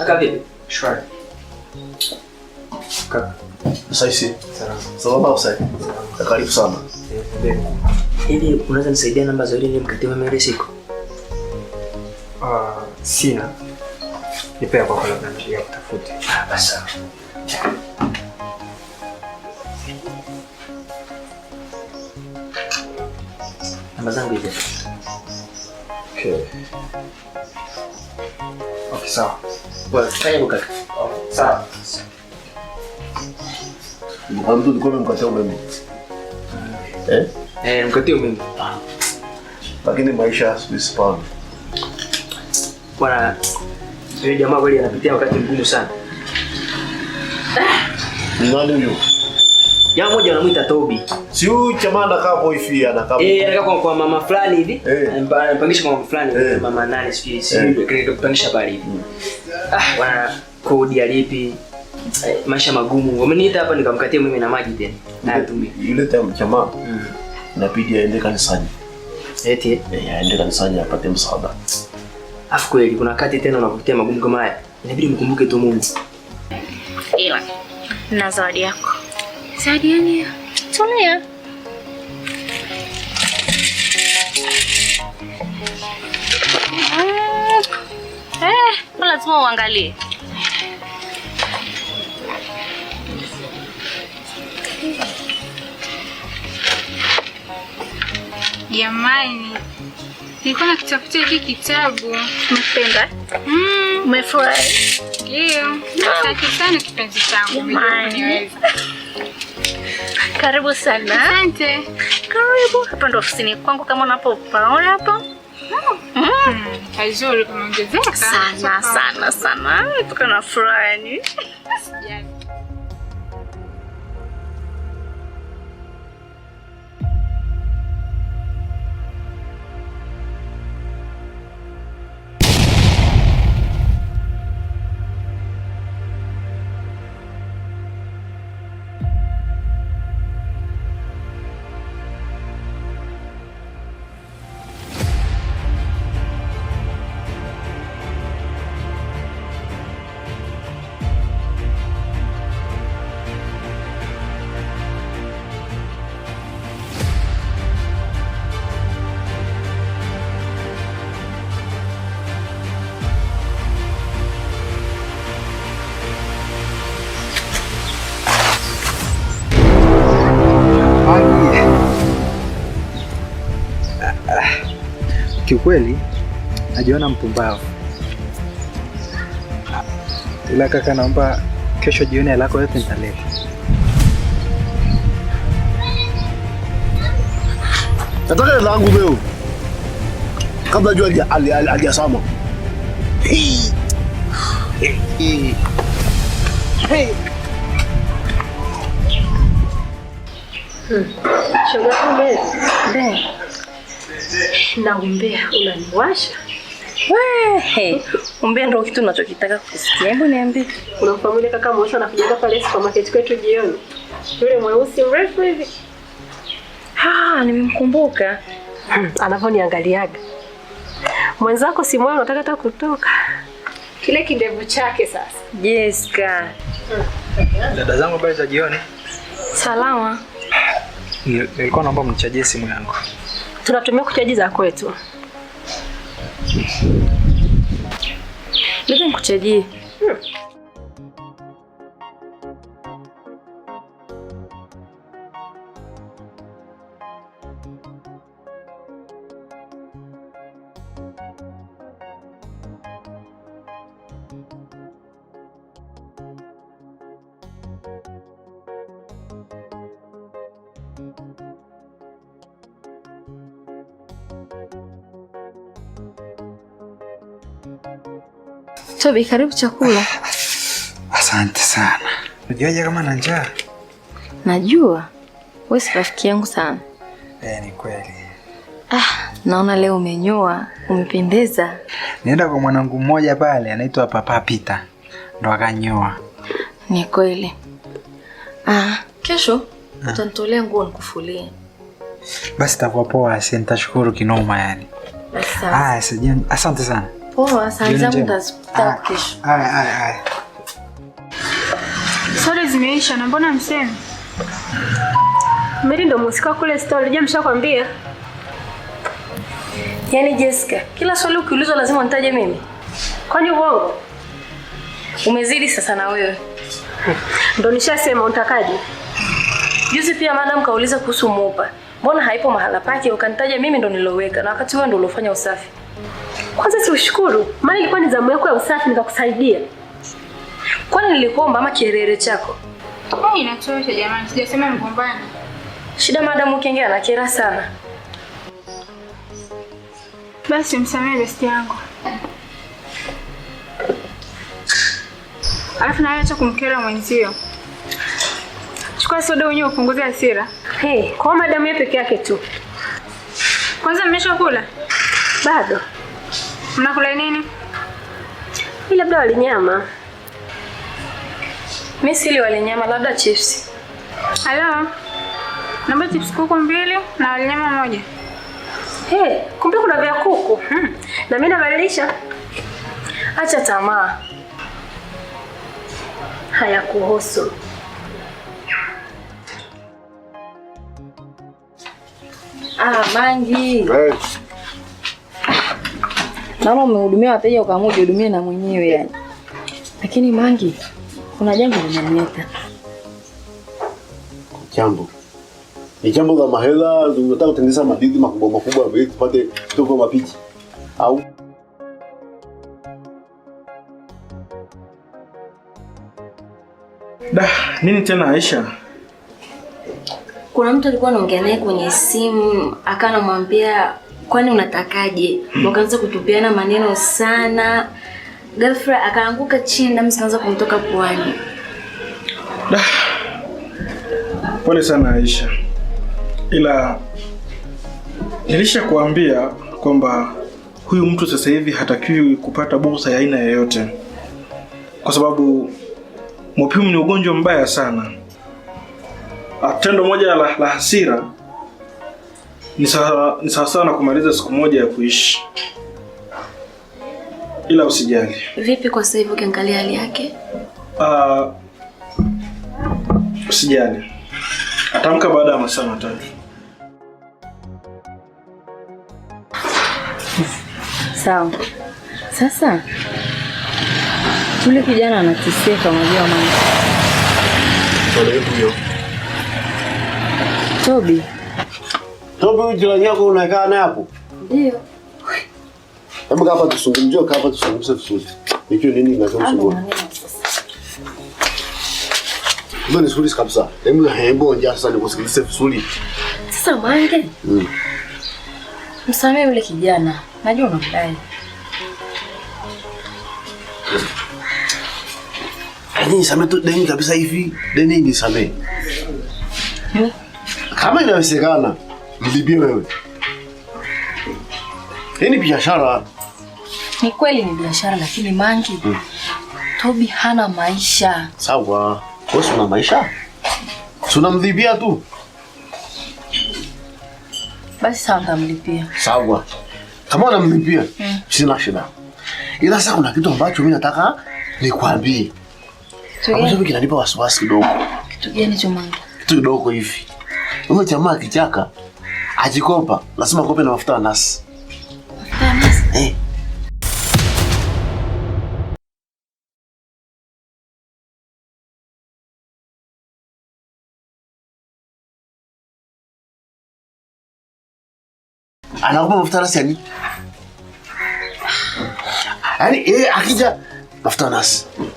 Akabi, shwari. Kaka. Saisi. Salama. Salama au Karibu sana. Hivi unaweza nisaidia namba za yule nilimkatia mimi ile siku? Ah, sina. Nipe hapo kwa labda nitakuja kutafuta. Ah, basi. namba zangu hizo. Okay. Okay, sawa. Bwana, fanya kaka. Sawa. Mkwamu tu tulikuwa tumemkatia umeme. Eh? Eh, mkatia umeme. Lakini maisha siku spam. pana. Bwana, yule jamaa kweli anapitia wakati mgumu sana. Ni nani huyo? Jamaa mmoja anamuita Tobi. Si huyu chamanda kama boyfriend anakaa. Eh, anakaa kwa kwa mama fulani hivi. Eh. Eh, Anapangisha kwa mama fulani eh. mama nani sijui si kupangisha bali hivi. Mm. Ah, wana kodi alipi. Maisha magumu. Wameniita hapa nikamkatia mimi na maji tena. Na atumie. Yule tamu chama. Mm. Inabidi aende kanisani. Eti? Eh, aende kanisani apate msaada. Afu kweli kuna wakati tena unakutia magumu kama haya. Inabidi mkumbuke tu Mungu. Ila na zawadi yako. Sadi, yani tulia. Mm. Eh, lazima uangalie jamani. Nilikuwa nakitafutia hiki kitabu. Umependa? Mm. Umefurahi? Ndio. Asante sana kipenzi changu. Karibu sana. Asante. Karibu. Hapa ndo ofisini kwangu kama unapopaona hapo. Hmm. Hmm. Hmm. Kazi nzuri kumeongezeka. Sana sana sana. Tuko na furaha yani. mauaji. Kiukweli najiona mpumbavu. Ila kaka, naomba kesho jioni alako yote nitaleta. Nataka dada yangu leo kabla jua hajasama. Hey. Hey. Hey. Shoga kumbe, naombea unaniwasha. Wehe, umbea ndio kitu ninachokitaka kusikia. Hebu niambie. Unamfahamu ile kaka Musa anakujaga pale supermarket kwetu jioni? Yule mweusi mrefu hivi. Ah, nimemkumbuka. Hmm, anavyoniangaliaga. Mwenzako si moyo unataka hata kutoka. Kile kindevu chake sasa. Jessica. Dada zangu, habari za jioni? Salama nilikuwa naomba mnichajie simu yangu. Tunatumia kuchaji za kwetu. Nikuchajie. Hmm. Tobi, karibu chakula. Asante sana. Unajuaje kama na njaa? Najua wewe si rafiki yangu sana. Eh, ni kweli. Ah, naona leo umenyoa, umependeza. Nienda kwa mwanangu mmoja pale anaitwa Papa Pita, ndo akanyoa. Ni kweli. Ah, kesho ah. utanitolea nguo nikufulie. Basi takuwa poa, si nitashukuru kinoma yani. Asante. Ah, asante sana. Poa, saa zangu nitazipata kesho. Haya haya haya. Stori zimeisha na mbona msemi? Mimi ndo mhusika kule story. Je, mshakwambia? Yaani Jessica, kila swali ukiulizwa lazima nitaje mimi. Kwani uongo? Umezidi sasa na wewe. Ndo nishasema utakaje. Juzi pia madam kauliza kuhusu mopa. Mbona haipo mahala pake? Ukanitaja mimi ndo niloweka na wakati wewe ndo uliofanya usafi. Kwanza si ushukuru, maana ilikuwa ni zamu yako ya usafi nikakusaidia. Kwani nilikuomba ama kiherehere chako? Hey, inatosha jamani, sijasema mgombani. Shida madamu na kera sana. Basi msamehe besti yangu. Alafu na acha kumkera mwenzio. Chukua soda unywe upunguze hasira. Hey, kwa madamu yeye peke yake tu. Kwanza mmeshakula? Bado. Mnakula nini? Ni labda wali nyama. Mimi sili wali nyama, labda chips. Halo. Naomba chips kuku mbili na wali nyama moja. Hey, kumbe kuna vya kuku. Hmm. Na mimi nabadilisha. Acha tamaa. Haya kuhusu. Ah, Mangi. Hey. Naona umehudumia wateja ukaamua ujihudumie na mwenyewe yani. Lakini Mangi, kuna jambo linanieta. Jambo. Ni jambo la mahela, unataka kutengeza madidi makubwa makubwa ili tupate toko mapichi. Au Da, nini tena Aisha? Kuna mtu alikuwa anaongea naye kwenye simu, akanamwambia kwani unatakaje? Wakaanza kutupiana maneno sana, Gafra akaanguka chini, damu zikaanza kumtoka puani. Pole sana Aisha, ila nilishakuambia kwamba huyu mtu sasa hivi hatakiwi kupata bursa ya aina yoyote, kwa sababu mopium ni ugonjwa mbaya sana. Tendo moja la, la hasira ni sawasawa na kumaliza siku moja ya kuishi, ila usijali. Vipi kwa sasa hivi ukiangalia hali yake? Uh, usijali, atamka baada ya masaa matatu. Sawa. Sasa yule kijana anateseka, unajua mama. Toby Tobi huyu jirani yako unakaa naye hapo? Ndio. Hebu kaa hapa tusungumzie, kaa hapa tusungumze vizuri. Nijue nini kinachomsumbua. Mbona nisuli kabisa? Hebu hebu onja sasa nikusikilize vizuri. Sasa mange. Mm. Msamee yule kijana. Najua unamdai. Yaani nisamee tu deni kabisa hivi. Deni nisamee. Hmm? Kama inawezekana. Mdibie wewe. Hii ni yaani biashara. Ni kweli ni biashara lakini Mangi. Hmm. Tobi hana maisha. Sawa. Kwa sababu una maisha? Tunamdhibia tu. Basi sawa tamlipia. Sawa. Kama unamlipia, hmm, sina shida. Ila sasa kuna kitu ambacho mimi nataka nikwambie. Ambacho kinanipa wasiwasi kidogo. Kitu gani cho Chomanga? Kitu kidogo hivi. Wewe jamaa kichaka Ajikopa lazima kope na mafuta ya nasi. Mafuta eh. Anakopa mafuta nasi yani? Yaani, eh, akija mafuta ya nasi